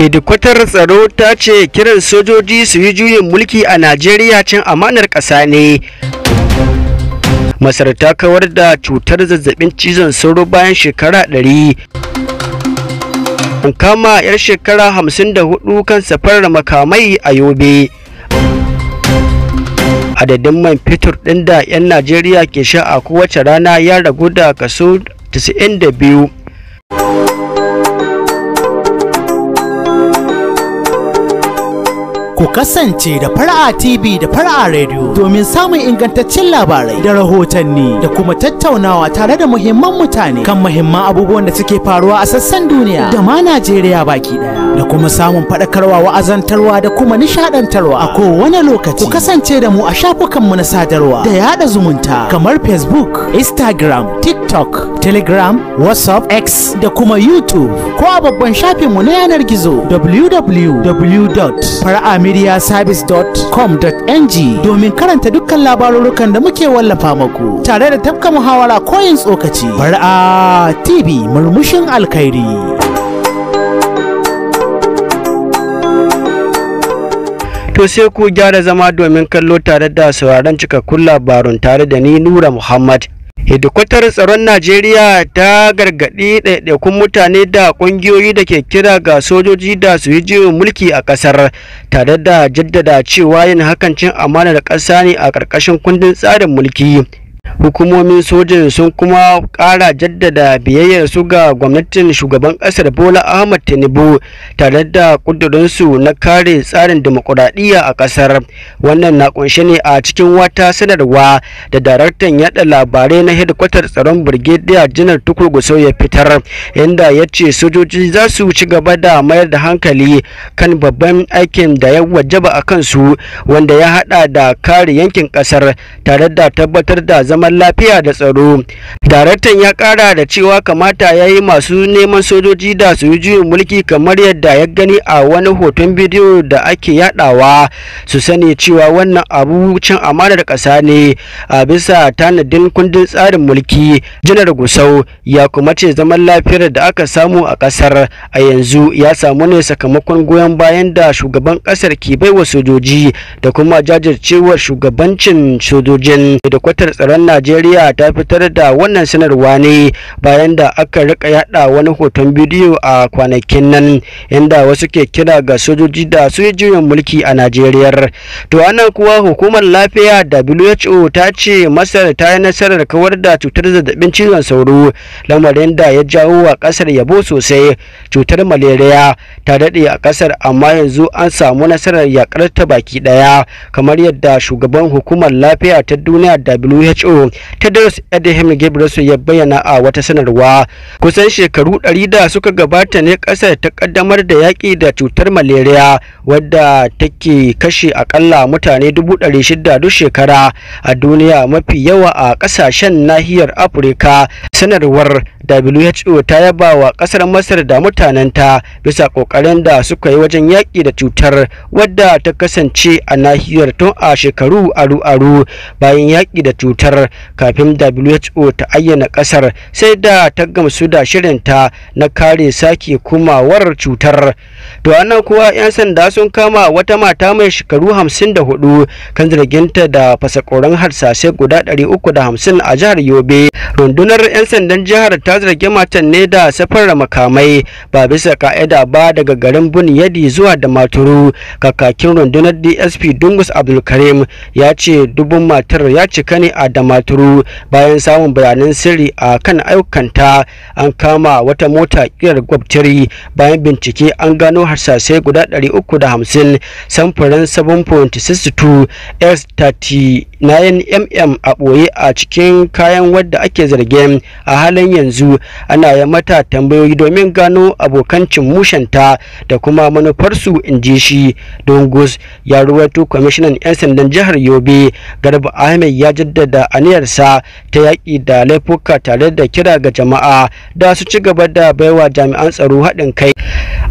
hedikwatar tsaro ta ce kiran sojoji su yi juyin mulki a najeriya cin amanar ƙasa ne masar ta kawar da cutar zazzabin cizon sauro bayan shekara ɗari an kama 'yar shekara 54 kan safarar makamai a yobe adadin man fitur ɗin da 'yan najeriya ke sha a kowace rana ya ragu da kaso 92 ku kasance da fara'a TV da fara'a Radio domin samun ingantaccen labarai da rahotanni da kuma tattaunawa tare da muhimman mutane kan muhimman abubuwan da suke faruwa a sassan duniya da ma Najeriya baki ɗaya. da kuma samun faɗakarwa wa'azantarwa da kuma nishaɗantarwa a kowane lokaci. Ku kasance da mu a shafukanmu na sadarwa da yaɗa zumunta kamar Facebook, Instagram, TikTok, Telegram, WhatsApp, X da kuma YouTube ko a babban shafinmu na yanar gizo www.fara'amediaservice.com.ng domin karanta dukkan labarurukan da muke wallafa maku, tare da tafka muhawara koyin tsokaci. Far'a TV murmushin alkhairi. to sai ku gyara zama domin kallo tare da sauraron cikakkun labarun tare da ni Nura Muhammad. Hidikwatar tsaron Najeriya ta gargaɗi ɗaiɗaikun mutane da ƙungiyoyi da ke kira ga sojoji da su yi mulki a ƙasar, tare da jaddada cewa yin hakan cin amanar ƙasa ne a ƙarƙashin kundin tsarin mulki. hukumomin sojin sun kuma kara jaddada biyayyar su ga gwamnatin shugaban kasar bola ahmad tinubu tare da ƙudurinsu na kare tsarin dimokuraɗiyya a kasar wannan na kunshe ne a cikin wata sanarwa da daraktan yada labarai na hedkwatar tsaron birgediya janar tukurgusau ya fitar inda yace sojoji za su ci gaba da mayar da hankali kan babban aikin da ya wajaba a kansu wanda ya hada da kare yankin kasar tare da tabbatar da zaman lafiya da tsaro daraktan ya ƙara da cewa kamata ya yi masu neman sojoji da su yi juyin mulki kamar yadda ya gani a wani hoton bidiyo da ake yadawa su sani cewa wannan abu cin amanar ƙasa ne a bisa tanadin kundin tsarin mulki janar gusau ya kuma ce zaman lafiyar da aka samu a ƙasar a yanzu ya samu ne sakamakon goyon bayan da shugaban ƙasar ke baiwa sojoji da kuma jajircewar shugabancin sojojin da kwatar tsaron sandan Najeriya ta fitar da wannan sanarwa ne bayan da aka rika yada wani hoton bidiyo a kwanakin nan inda wasu ke kira ga sojoji da su yi juyin mulki a Najeriya. To anan kuwa hukumar lafiya WHO ta ce Masar ta yi nasarar kawar da cutar zazzabin cizon sauro lamarin da ya jawo wa kasar yabo sosai cutar malaria ta daɗe a kasar amma yanzu an samu nasarar yakar ta baki ɗaya kamar yadda shugaban hukumar lafiya ta duniya WHO tsaro tedros adhanom ghebreyesus ya bayyana a wata sanarwa kusan shekaru ɗari da suka gabata ne ƙasa ta kaddamar da yaƙi da cutar malaria wadda take kashe akalla mutane dubu ɗari shida duk shekara a duniya mafi yawa a ƙasashen nahiyar afirka sanarwar who ta yaba wa ƙasar masar da mutanenta bisa ƙoƙarin da suka yi wajen yaƙi da cutar wadda ta kasance a nahiyar tun a shekaru aru-aru bayan yaƙi da cutar kasar kafin who ta ayyana kasar sai da ta gamsu da shirinta na kare sake kumawar cutar to anan kuwa 'yan sanda sun kama wata mata mai shekaru 54 kan zarginta da fasakoran harsasai guda 350 a jihar yobe rundunar 'yan sandan jihar ta zargi matan ne da safarar makamai ba bisa ka'ida ba daga garin yadi zuwa da maturu kakakin rundunar dsp dungus abdulkarim ya ce dubun matar ya cika ne a dama maturu bayan samun bayanan sirri a kan ayyukanta an kama wata mota kirar gwabtiri bayan bincike an gano harsasai guda 350 samfurin 7.62 s39mm a ɓoye a cikin kayan wadda ake zargin a halin yanzu ana yi mata tambayoyi domin gano abokancin mushanta da kuma manufarsu in ji shi dongus ya ruwaito kwamishinan 'yan sandan jihar yobe garba ahmed ya jaddada a aniyarsa ta yaƙi da laifuka tare da kira ga jama'a da su ci gaba da baiwa jami'an tsaro haɗin kai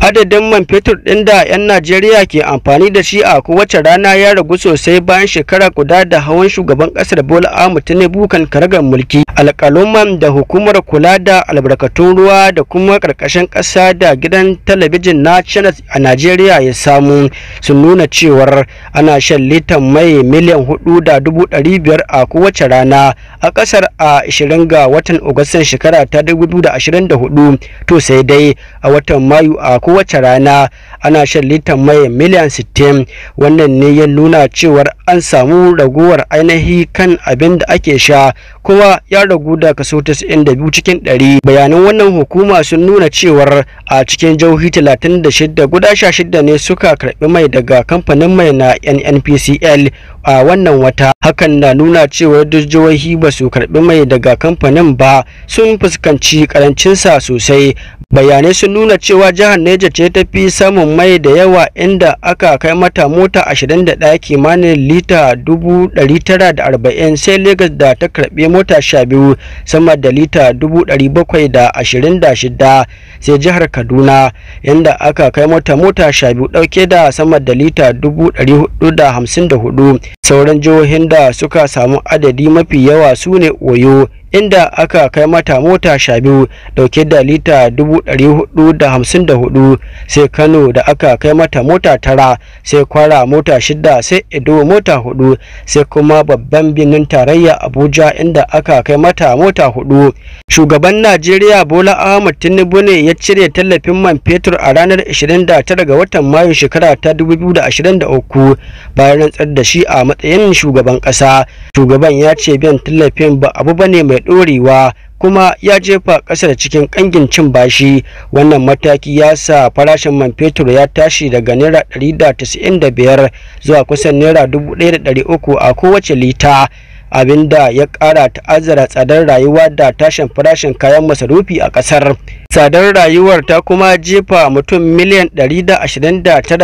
adadin man fetur ɗin da 'yan najeriya ke amfani da shi a kowace rana ya ragu sosai bayan shekara guda da hawan shugaban ƙasar bola ahmed tinubu kan karagar mulki alƙaluman da hukumar kula da albarkatun ruwa da kuma ƙarƙashin ƙasa da gidan talabijin na channel a najeriya ya samu sun nuna cewar ana shan litan mai miliyan hudu da dubu ɗari biyar a kowace rana a ƙasar a 20 ga watan agustan shekara ta 2024 to sai dai a watan mayu a kowace rana ana shan litan mai miliyan 60 wannan ne ya nuna cewar an samu raguwar ainihi kan abin da ake sha kowa ya ragu da kaso 92 cikin 100 bayanan wannan hukuma sun nuna cewar a cikin jihohi 36 guda 16 ne suka karbi mai daga kamfanin mai na nnpcl a wannan wata hakan na nuna cewar duk jihohi ba su karbi mai daga kamfanin ba sun fuskanci karancinsa sosai bayanai sun nuna cewa jihar neja ce ta fi samun mai da yawa inda aka kai mata mota 21 kimanin lita 940 sai Legas da ta karbi mota sha biyu sama da lita dubu ɗari bakwai da ashirin da shida sai jihar kaduna inda aka kai mota mota sha biyu ɗauke da sama da lita dubu ɗari hudu da hamsin da hudu sauran jihohin da suka samu adadi mafi yawa su ne oyo inda aka kai mata mota sha biyu dauke da lita 454 sai kano da aka kai mata mota tara sai kwara mota shida sai edo mota hudu sai kuma babban birnin tarayya abuja inda aka kai mata mota hudu shugaban najeriya bola ahmad tinubu ne ya cire tallafin man fetur a ranar 29 ga watan mayu shekara ta 2023 bayan rantsar da shi a matsayin shugaban kasa shugaban ya ce biyan tallafin ba abu bane mai mai ɗorewa kuma ya jefa ƙasar cikin ƙangin cin bashi wannan mataki ya sa farashin man fetur ya tashi daga naira 195 zuwa kusan naira 1,300 a kowace lita abin da ya ƙara ta'azzara tsadar rayuwa da tashin farashin kayan masarufi a ƙasar. Tsadar rayuwar ta kuma jefa mutum miliyan 129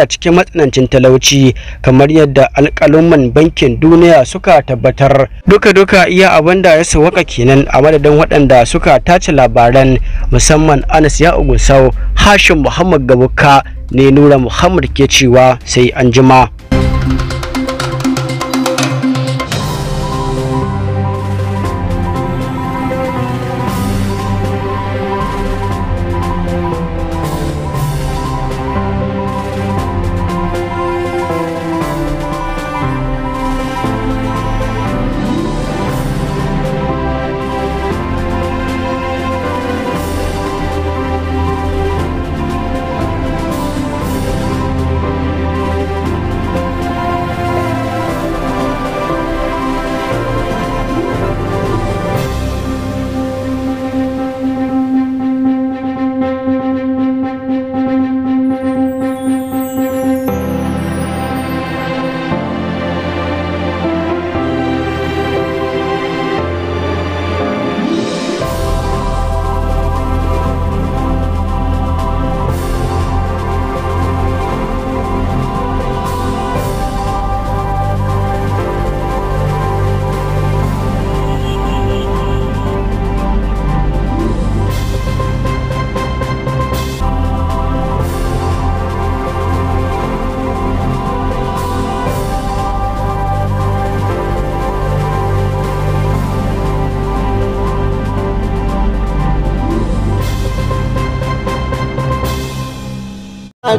cikin matsanancin talauci kamar yadda alkaloman bankin duniya suka tabbatar. Duka-duka iya abinda da ya sawaka kenan a madadin waɗanda suka tace labaran musamman Anas ya Ugusau, hashin Muhammad Gabuka ne Nura Muhammad ke cewa sai an jima.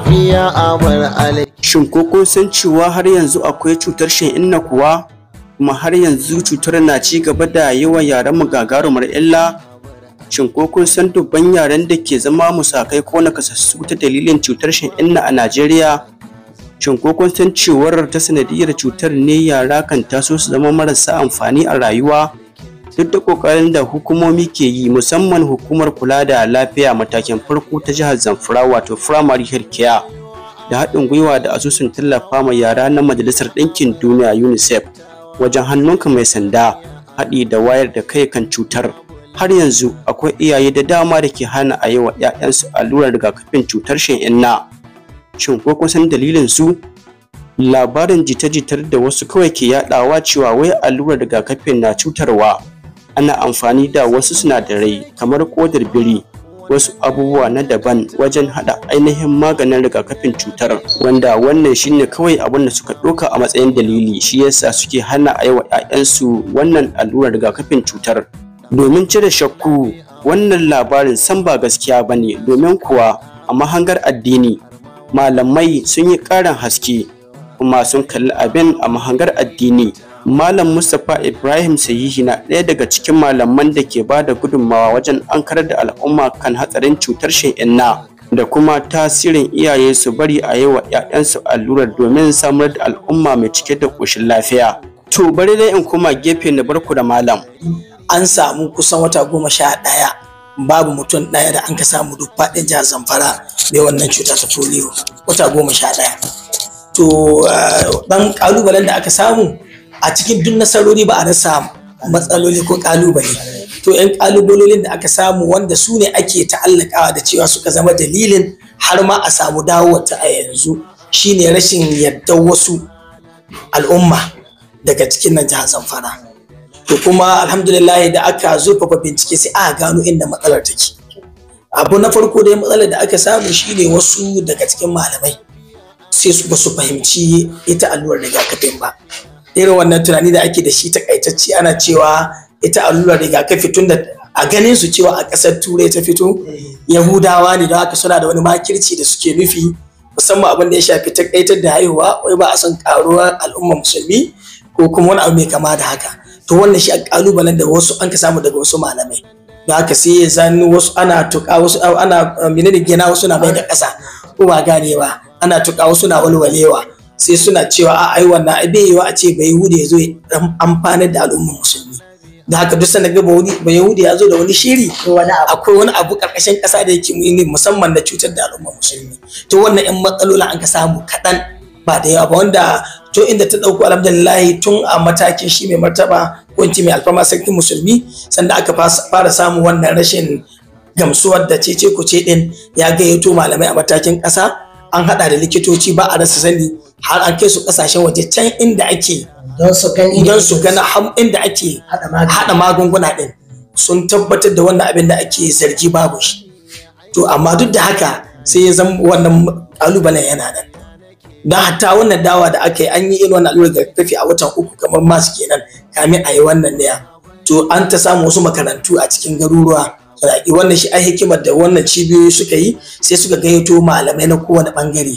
lafiya a alai. Shin ko kun san cewa har yanzu akwai cutar shan inna kuwa? Kuma har yanzu cutar na ci gaba da yawan yaren mu gagarumar illa? Shin ko kun san dubban yaren da ke zama musakai ko nakasassu ta dalilin cutar shan inna a Najeriya? Shin ko kun san cewar ta sanadiyar cutar ne yara kan taso su zama marasa amfani a rayuwa? duk da kokarin da hukumomi ke yi musamman hukumar kula da lafiya matakin farko ta jihar zamfara wato primary health care da haɗin gwiwa da asusun tallafa ma yara na majalisar ɗinkin duniya unicef wajen hannunka mai sanda haɗi da wayar da kai kan cutar har yanzu akwai iyaye da dama da ke hana a yi wa 'ya'yansu allurar rigakafin cutar shan'inna shin ko kusan dalilin su labarin jita-jitar da wasu kawai ke yaɗawa cewa wai allurar rigakafin na cutarwa ana amfani da wasu sinadarai kamar kodar biri wasu abubuwa na daban wajen hada ainihin maganin rigakafin cutar wanda wannan shine kawai abin da suka ɗauka a matsayin dalili shi yasa suke hana a yi wa 'ya'yansu wannan allurar rigakafin cutar domin cire shakku wannan labarin san ba gaskiya ba ne domin kuwa a mahangar addini malamai sun yi ƙarin haske kuma sun kalli abin a mahangar addini Malam Mustapha Ibrahim Sayihi na ɗaya daga cikin malaman da ke ba da gudunmawa wajen ankarar da al'umma kan hatsarin cutar shan'inna da kuma tasirin iyaye su bari a yi wa 'ya'yansu allurar domin samar da al'umma mai cike da ƙoshin lafiya. To bari dai in koma gefe na barku da malam. An samu kusan wata goma sha ɗaya babu mutum ɗaya da an ka samu duk faɗin jihar Zamfara mai wannan cuta ta foliyo wata goma sha ɗaya. To eh, ɗan ƙalubalen da aka samu a cikin duk nasarori ba a rasa matsaloli ko kalubale to 'yan kalubalolin da aka samu wanda su ne ake ta'allakawa da cewa suka zama dalilin har ma a samu dawowata a yanzu shine rashin yadda wasu al'umma daga cikin nan jihar zamfara to kuma alhamdulillah da aka zurfafa bincike sai aka gano inda matsalar take abu na farko da matsalar da aka samu shine wasu daga cikin malamai sai su ba su fahimci ita allurar rigakafin ba irin wannan tunani da ake da shi takaitacci ana cewa ita allurar rigakafi tun da a ganin su cewa a ƙasar turai ta fito eh. yahudawa ne don haka suna da wani makirci da suke nufi musamman abin da ya shafi takaitar da haihuwa wai ba a son karuwar al'ummar musulmi ko kuma wani abu mai kama da haka to wannan shi a kalubalen da wasu an ka samu daga wasu malamai don haka sai ya zanu wasu ana tuka wasu ana menene gina wasu na mai da ƙasa ko ba ganewa ana tuka wasu na walwalewa sai suna cewa a ai wannan ai bai yiwa a ce bai yahudi ya zo ya da al'ummar musulmi da haka duk sanaga gaba bai yahudi ya zo da wani shiri akwai wani abu karkashin kasa da yake muni musamman da cutar da al'ummar musulmi to wannan yan matsalolin an ka samu kaɗan ba da yawa ba wanda to inda ta ɗauko alhamdulillah tun a matakin shi mai martaba ko mai alfama sarkin musulmi sanda aka fara samun wannan rashin gamsuwar da ce-ce ku ce din ya gayyato malamai a matakin ƙasa an haɗa da likitoci ba a rasa sani har an kai su kasashen waje can inda ake don su gani don su gana inda ake haɗa magunguna din sun tabbatar da wannan abin da ake zargi babu shi to amma duk da haka sai ya zama wannan kalubalen yana nan don hatta wannan dawa da aka yi an yi irin wannan da kafi a watan uku kamar masu kenan kamin a yi wannan ne to an ta samu wasu makarantu a cikin garuruwa wannan shi a hikimar da wannan cibiyoyi suka yi sai suka gayyato malamai na kowane bangare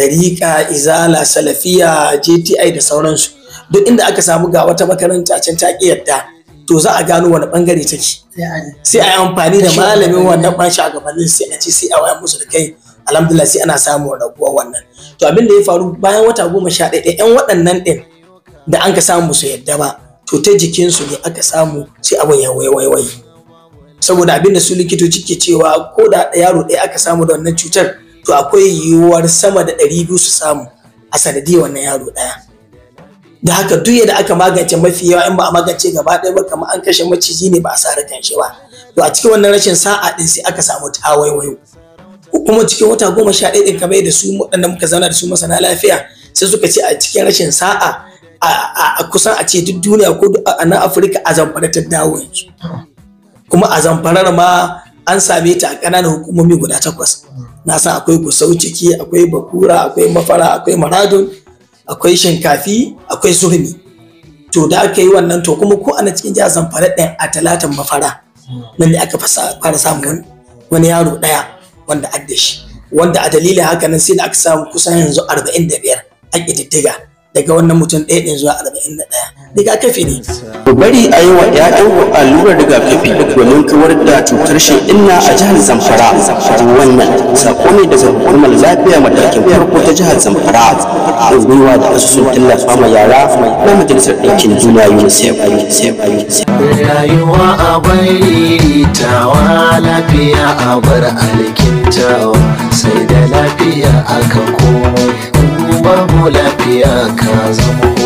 dariƙa izala salafiya jti da sauransu duk inda aka samu ga wata makaranta can ta ki yadda to za a gano wani bangare take sai a yi amfani da malamin wannan ban gabanin sai a ci, sai a wayan musu da kai alhamdulillah sai ana samun raguwa wannan to abin da ya faru bayan wata goma sha ɗaya yan waɗannan ɗin da an ka samu su yadda ba to ta jikinsu ne aka samu sai abin ya waiwaiwai saboda abin da su likitoci ke cewa ko da yaro ɗaya aka samu da wannan cutar to akwai yiwuwar sama da ɗari biyu su samu a sanadiyar wannan yaro ɗaya da haka duk yadda aka magance mafi yawa in ba a magance gaba ɗaya ba kamar an kashe maciji ne ba a sa kan shi ba to a cikin wannan rashin sa'a ɗin sai aka samu tawaiwayo kuma cikin wata goma sha ɗaya ɗin kamar yadda su waɗanda muka zauna da su masana lafiya sai suka ce a cikin rashin sa'a a kusan a ce duk duniya ko a nan afirka a zamfara ta dawo yanzu kuma a zamfarar ma an same ta a ƙananan hukumomi guda takwas na san akwai gusau ciki akwai bakura akwai mafara akwai maradun akwai shinkafi akwai zuhumi to da aka yi wannan to kuma ko ana cikin jihar zamfara ɗin a talatin mafara nan ne aka fara samun wani yaro ɗaya wanda adda wanda a dalilin haka nan sai da aka samu kusan yanzu arba'in da biyar a ƙididdiga daga wannan mutum ɗaya ɗin zuwa arba'in da ɗaya mm. rigakafi ne. Ku bari a yi wa ‘ya'yan allurar rigakafi domin kawar da cutar shi inna a jihar Zamfara. Wannan sako ne da hukumar lafiya matakin farko ta jihar Zamfara. a gwiwa da asusun tallafa ma yara na majalisar ɗinkin juna UNICEF. Rayuwa a bari lafiya a bar alkintawa sai da lafiya aka kowa. babu lafiya ka zama